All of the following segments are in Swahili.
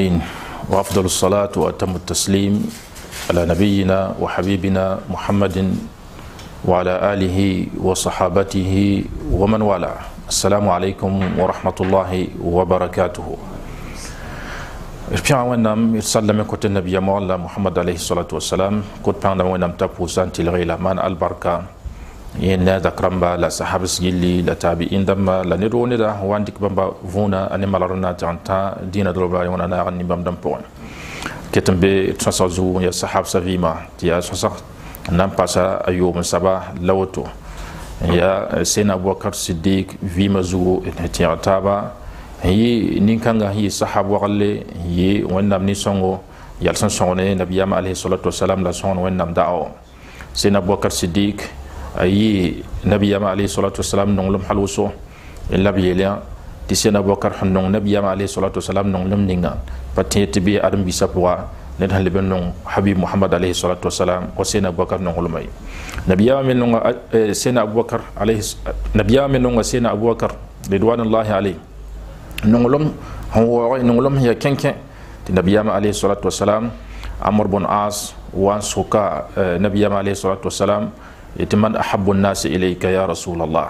آمين وأفضل الصلاة وأتم التسليم على نبينا وحبيبنا محمد وعلى آله وصحابته ومن والاه السلام عليكم ورحمة الله وبركاته إرحبا ونام إرسلنا من كتن النبي محمد عليه الصلاة والسلام كتبا ونام تبو سانتي الغيلة البركة yẽnda zakã rãmba la sahabs gilli la tabiin dãmba la ned woo neda wa n dɩk bãmba vũuna a ne malgr n na n tɩg n tã dĩinã dolbra wẽna naag n nin-bãmb dãmb pʋgẽ ket n be d sõsg zugu n yaa sahabsã vɩɩmã tɩ saba la woto n yaa sena abubakar sidik vima zugu n tẽeg taaba n yɩ nin-kãngã n yɩ sahab wagle n yɩ wẽnnaam nin-sõngo yal sẽn sõng ne nabiyaamã alaihi salatu wasalam la sõgd wẽnnaam da'ao sena abubakar sidik ayi nabiyama alayhi salatu wasalam nonglem hal woso n lab yeelyã tɩ sẽn abubakar sẽn nong nabiyama alayhi salatu wasalam nonglem ninga pa tẽ tɩ bɩ ãdem-biisã pʋga ned sẽn nong habib muhammad alayhi salatu wasalam wa sẽn abubakar nonglema ye nabiyama me nonga sẽn abubakar nabiyama me nonga sẽn abubakar ridwanillahi alayh nonglem sẽn waoog nonglem sẽn yaa kẽn-kẽ tɩ nabiyama alayhi salatu wasalam amr bn as wa n soka nabiyama alayhi salatu wasalam يتمن أحب الناس إليك يا رسول الله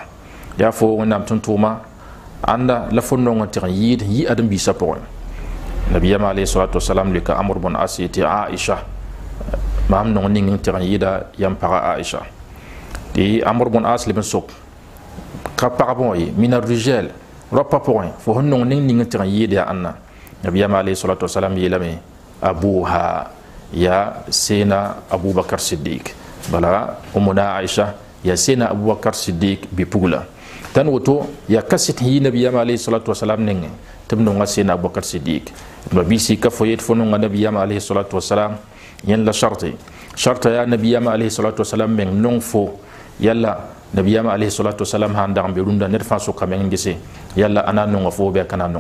يا فو نام تنتوما أن لفن نون تغييد يي أدم بيسا بوين نبي يما عليه الصلاة والسلام لك أمر بن أسي تي عائشة ما هم نون نين تغييد يم بغا عائشة دي أمر بن أسي لبن سوك كبغا بوين من الرجال ربا بوين فهن نون نين نين تغييد يا أنا نبي يما عليه الصلاة والسلام يلمي أبوها يا سينا أبو بكر صديق bala umuna aisha ya sena abubakar siddiq bi pugla tan woto ya kasit yi nabiyam alayhi salatu wasalam nenge tɩb nonga sena abubakar siddiq ma ba bisi ka fo yet fo nonga nabiyam alayhi salatu wasalam yẽnd la sharti sharta ya nabiyam alayhi salatu wasalam meng nong fo yalla nabiyam alayhi salatu wasalam sãn dagn be rũndã ned fãa soka meng gese yalla a na n nonga fo bɩa ka na la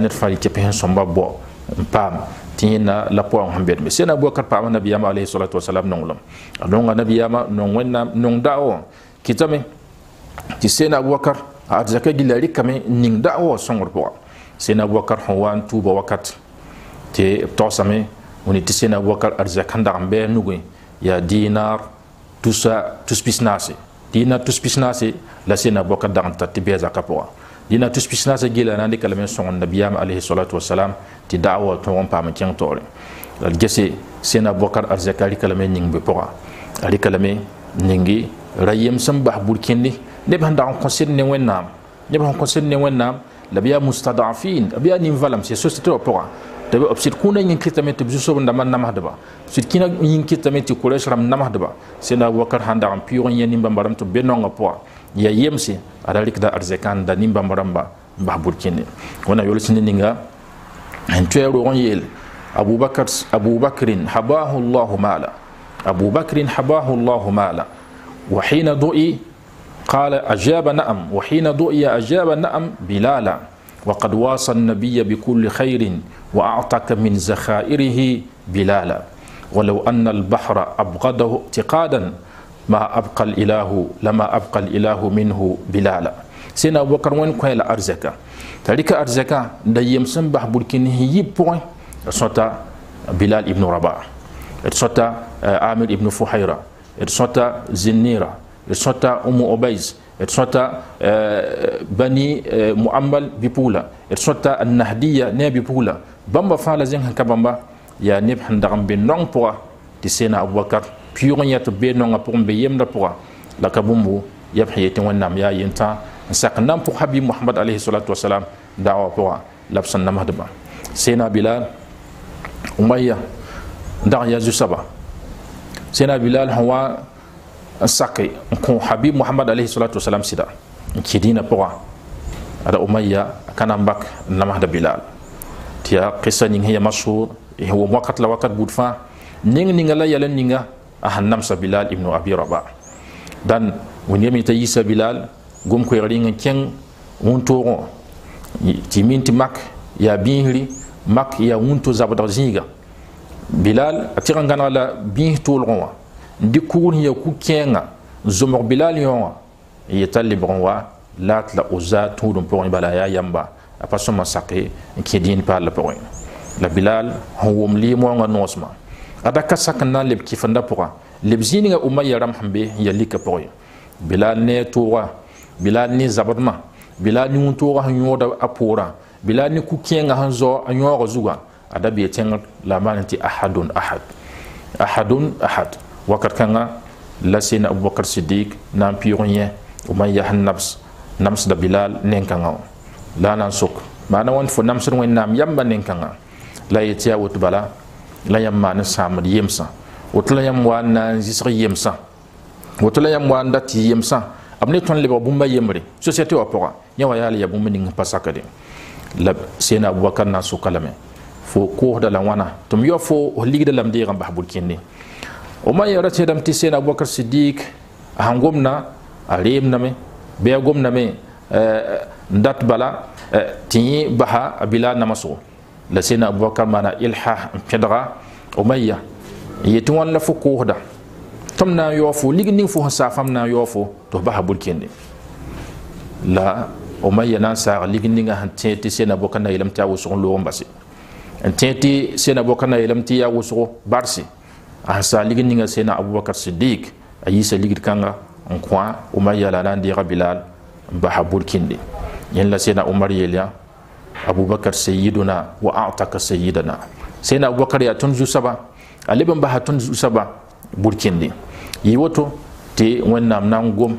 ned fãa yɩ kɩ pẽsẽ sõmba tɩ yẽnna la pʋgã sẽn bedme sẽn abubakar paama nabiyaama alayhi salatu wasalam nonglem a nonga non nong non nong da'awa kɩtame tɩ sẽn abubakar a zaka gilla rɩkame n ning da'awa wã sõngr pʋga sẽn abubakar sẽn wan n tuuba wakat te b togsame wẽni tɩ sẽn abubakar arzak n dag n bɩa nugẽ yaa dinar tusa tuspis naase dinar tuspis naase la sẽn abubakar dag n tar tɩ bɩa dina tus pisna sa gila nan de kalame son nabiyam alayhi salatu wassalam ti da'wa to on pam kyan tore la gese sena bokar arzakari kalame ning be pora ali kalame ningi rayem sam bah burkindi ne ban da on concerne wennam ne ban concerne wennam labiya mustadafin labiya nim valam c'est société pora tɩb b sɩd kũudã yĩn kɩtame tɩ b zu-soab n dãmba namsdba sɩd kĩna yĩn kɩtame tɩ kʋrɛs rãmb namsdba sẽn na wakar sãn dagn pɩʋg n yẽ nimbãmba rãmb tɩ b be ya yemsi ada likda arzekan da nimba maramba ba burkini wana yolsini ninga en tuero on yel abubakar abubakrin habahu allah mala abubakrin habahu allah mala wa hina du'i قال أجاب نعم وحين دعي أجاب نعم بلالا وقد واصى النبي بكل خير وأعطاك من زخائره بلالا ولو أن البحر أبغضه اعتقادا ما أبقى الإله لما أبقى الإله منه بلالا سينا أبو بكر وين كوين أرزكا تلك أرزكا دا يمسن بح بركين هي بوين صوتا بلال ابن رباع صوتا عامر آه، ابن فحيرة صوتا زنيرة صوتا أم أبيز صوتا آه، بني آه، مؤمل ببولا صوتا النهدية نبي بولا بمبا فالا زين هكا بامبا يا نبحن دغم بن بوا تسينا أبو بكر piyʋg n yãt b bee nonga pʋgẽ be yemdã la ka bũmbu yab sẽn yetɩ wẽnnaam yaa yentã n sak n na n pʋg habi salatu wasalam daawa pʋga la b sẽn namsdbã bilal umaya n dag n yaa zu bilal sẽn wa n sake n kõ salatu wasalam sɩda n kɩ ada umaya ka na n bak bilal tɩ yaa ning sẽn ya masʋʋr sẽn la wakat bud ning ninga la ninga ahan namsa bilal ibn abi rabah dan wẽnd t'a yisa bilal gom koɛɛg rɩng n kẽng wũntoogẽ tɩ min tɩ mak ya bĩisri mak yaa wũnto zabdg zĩiga bilal a tɩg la bĩis toolgẽ wã n dɩk kugr sẽn ku-kẽengã n zomg bilal yõ wã n yeta lebg wa la tɩ la oza tũud n bala a yaa yamba apa pa sõma sake n kẽ dĩin paal la pʋgẽ la bilal sẽn wʋm lɩɩm wãngã noosmã adaka sak n na n leb kɩfenda pʋga leb zĩnigã umayya rãmb sẽn be n ya lika pʋgẽ bilal ne tʋʋga bilal ne zabdmã bilal ne wũntooga sẽn yõoda a pʋʋrã bilal ne ku-kẽengã sẽn zao a la a ahadun ahad ahadun ahad wakat kãngã la sẽn abubakar sidik na n pɩʋg yẽ umayya sẽn nabs bilal nen-kãngã la a sok maana wãnd fo namsd wẽnnaam yamba nen-kãngã la a yetɩ bala la yãmb maan sãamd yemsã woto la yãmb wa n na n zɩsg yemsã woto la yãmb wa n da yemsã b ne tõnd lebg bũmba yembre société wã pʋga yã wa yaal ya bũmb ning pa sakde la sẽn abubakar na n sʋka lame fo koosda la wãna tɩ m yaoa fo f ligda lame deegã bas burkĩnde oma yɛra tẽedame tɩ sẽn abubakar sidik sãn gomna a reemdame bɩ a eh, eh, n dat bala eh, tɩ yẽ basa a bilaa namasgo la sẽn abubakar maana ilha n pẽdga omaya n yetɩ wãn la fo koosda tɩ m na n yaoofo lig ning fo sẽn saa fãmb na n yaoofo tɩ f basa bulkende la omaya na n saag lig ninga sẽn tẽ tɩ sẽn abubakar na yeelame tɩ yaa wʋsg n loog n base n tẽ tɩ sẽn abubakar na yeelame tɩ yaa wʋsgo barse a sẽn saa lig ninga sẽn abubakar sidik a yiisa ligd kãnga n kõ omaya la na n deega bilal n basa bulkende yẽn la sẽn a yeel yã abubakar sayyiduna wa a'taka sayyidana sai na abubakar ya tun zusa ba aliban ba hatun zusa ba burkin ne yi wato te wannan namnan gom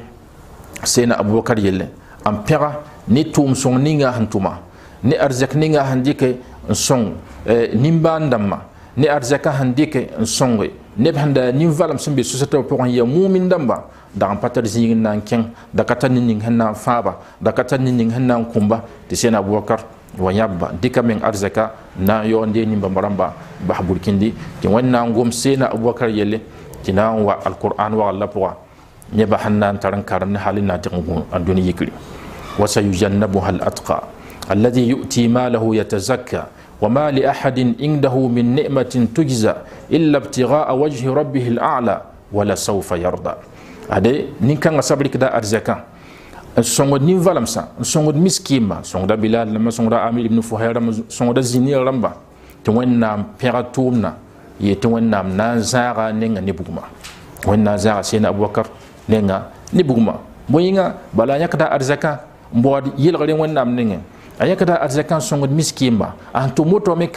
sai na abubakar yalle an fira ni tum song ni nga hantuma ni arzak ni nga handike son eh, nimba ndamma ni arzaka handike songe ne banda nin valam bi su sata pʋgẽ ya mumin dãmba da an patar zin nan n na n da ka tar ne ning sẽn na n da ka tar ne na abubakar wa yabba dika min arzaka na yo nde ni bambaramba bah burkindi ti wannan gum sena abubakar yelle ti na wa alquran wa allah puwa ne ba hannan taran karan halin na tingu a duniya kiri wa sayujannabuha alatqa alladhi yu'ti malahu yatazakka وما لأحد عنده من نعمة تجزى إلا ابتغاء وجه ربه الأعلى ولا سوف يرضى هذا نين كان صبرك دا أرزكان n sõngd nin valemsã n sõngd miskɩɩmba sõngda bilal rãmbã sõngda amir ibn fuhair rãmbã sõngda zinir rãmba tɩ wẽnnaam pẽga tʋʋmdã yee tɩ wẽnnaam na n zãaga nenga ne bugumã wẽnnaam zãaga sẽn abubakar nenga ne bugumã bõe-yĩngã bala a yãkda arzakã n baood yelgre wẽnnaam nengẽ a yãkda arzakã n sõngd miskɩɩmba a tʋm wotame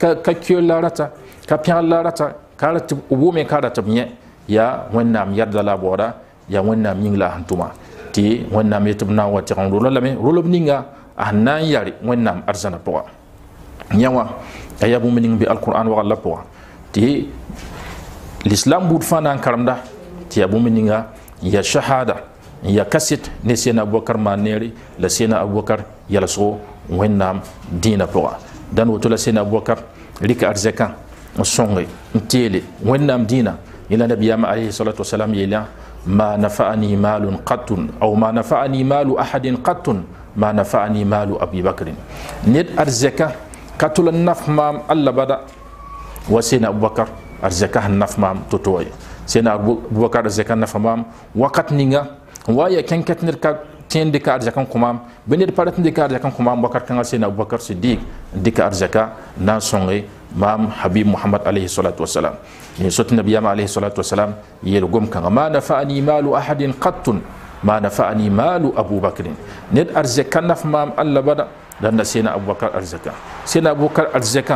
ka kioel la rata ka pẽgl la rata ka rat b wʋme ka rat b yẽ yaa wẽnnaam yarda la a baooda yaa wẽnnaam yĩng la a sẽn tʋma tɩ wẽnnaam yetɩ b na n wa tɩg n rola lame rol ninga a na n yare wẽnnaam arzãna pʋga yã wã a yaa bũmb ning be alkʋrãan wagl la pʋga tɩ lislam buud fãa na n karemda tɩ yaa bũmb ninga n yaa shahada n yaa kaset ne sẽna abubakar maan neere la sẽna abubakar yalsgo wẽnnaam dĩinã pʋga dãn woto la sẽna abubakar rɩk arzɛkã n sõnge n teele wẽnnaam dĩinã yẽla nabiyaama alayhi salatu wasalam yeelã ما نفعني مال قط أو ما نفعني مال أحد قط ما نفعني مال أبي بكر نيت أرزكا كتل النف مام الله بدأ وسين أبو بكر أرزكا النف مام تتوي سين أبو بكر أرزكا النف مام وقت نيغا ويا كان كتنر tẽen تين ديك kõmam bɩ ned بارت ديك n dɩka arzakã kõmam wakat kãngã sẽn abubakar sidɩk dɩka arzaka na مام حبيب محمد عليه الصلاة والسلام صوت النبي عليه الصلاة والسلام يلقم كان ما نفعني مال أحد قط ما نفعني مال أبو بكر ند أرزك نف مام الله بدا لأن سينا أبو بكر أرزك سينا أبو بكر أرزك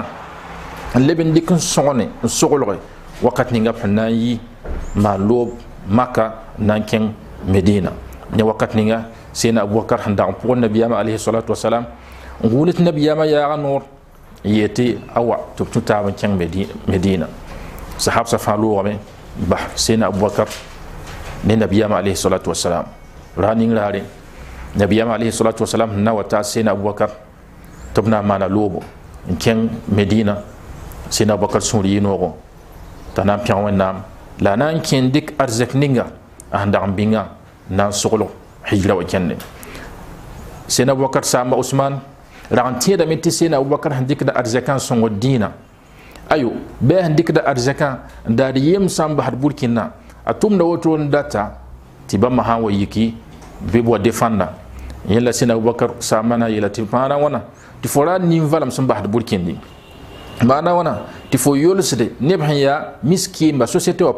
اللي بنديك سوني سوغل وقت نجاب حناي مالوب مكة نانكين مدينة ني وقت نجا سينا أبو بكر حندا أبو النبي عليه الصلاة والسلام قولت النبي يا نور yeti awa tɩ b tũ taab n kẽng medina sahabsã fãa loogame bas sẽn abubakar ne nabiyaam alayhi wasalam ra ning raare nabiyaam alayhi wasalam sẽn na wa taa sẽn abubakar tɩ b na n maana loobo n kẽng medina sẽn abubakar sũur yɩ noogo t'a na n pẽg wẽnnaam la na n kẽn dɩk arzɛk ninga a ah, sẽn dag n bĩnga n na n soglg hijra wa kẽnde sẽn abubakar saamba usman ragn tẽedame tɩ seena abubakar sẽn dɩkda arzɛkã n sõng dĩinã ayo bɩa sẽn dɩkda arzɛkã n daad yem sã n basd burkĩnã a tʋmda wotro n data tɩ bãmba sã wa yiki bɩ b wa defãnda yẽla sẽn abubakar saamana yeela tɩ maana wãna tɩ fo ra nin valem sẽn basd burkĩndi maana wãna tɩ fo yolsde neb sẽn yaa miskɩɩmba société wã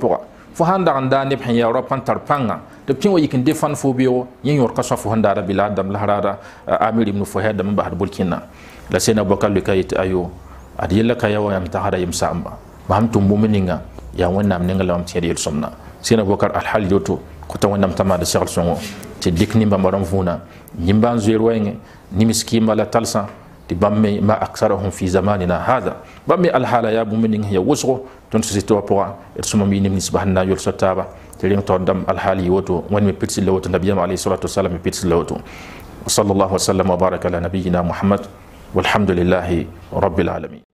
fo sãn dag n daa neb sẽn yaa ra tar pãnga tɩ b kẽ wa yik n de fãn fo yẽ yõor ka sõ fo sẽn daara bila adam la raara amir ibnu fo n basd burkina la sẽn abubakar lʋka yetɩ ayo ad yella ka ya wa tagsda yem sa'amba mam tʋm bũmb ninga yaa wẽnnaam ning la mam tẽed yel-sõmda sẽn abubakar alhal yoto kota wẽnnaam tã maada segl sõngo tɩ dɩk nimbãmbã rãmb vũunã yĩmbã n zoeer wɛɛngẽ nimiskɩɩmbã la talsã ti bãmb ma aksarahum fi zamanina hada bãmb me alhaala yaa bũmb ning sẽn ya wʋsgo tõnd sosɩtɩ wã pʋgã d sõma mi nim ninsbã sẽn na n yʋlsa taaba tɩ rẽng taoodame alhaal yɩ woto wẽnd me pidsi la woto nabiyam alayhi salatu wasalam me pidsi la woto وصلى الله وسلم وبارك على نبينا محمد والحمد لله رب العالمين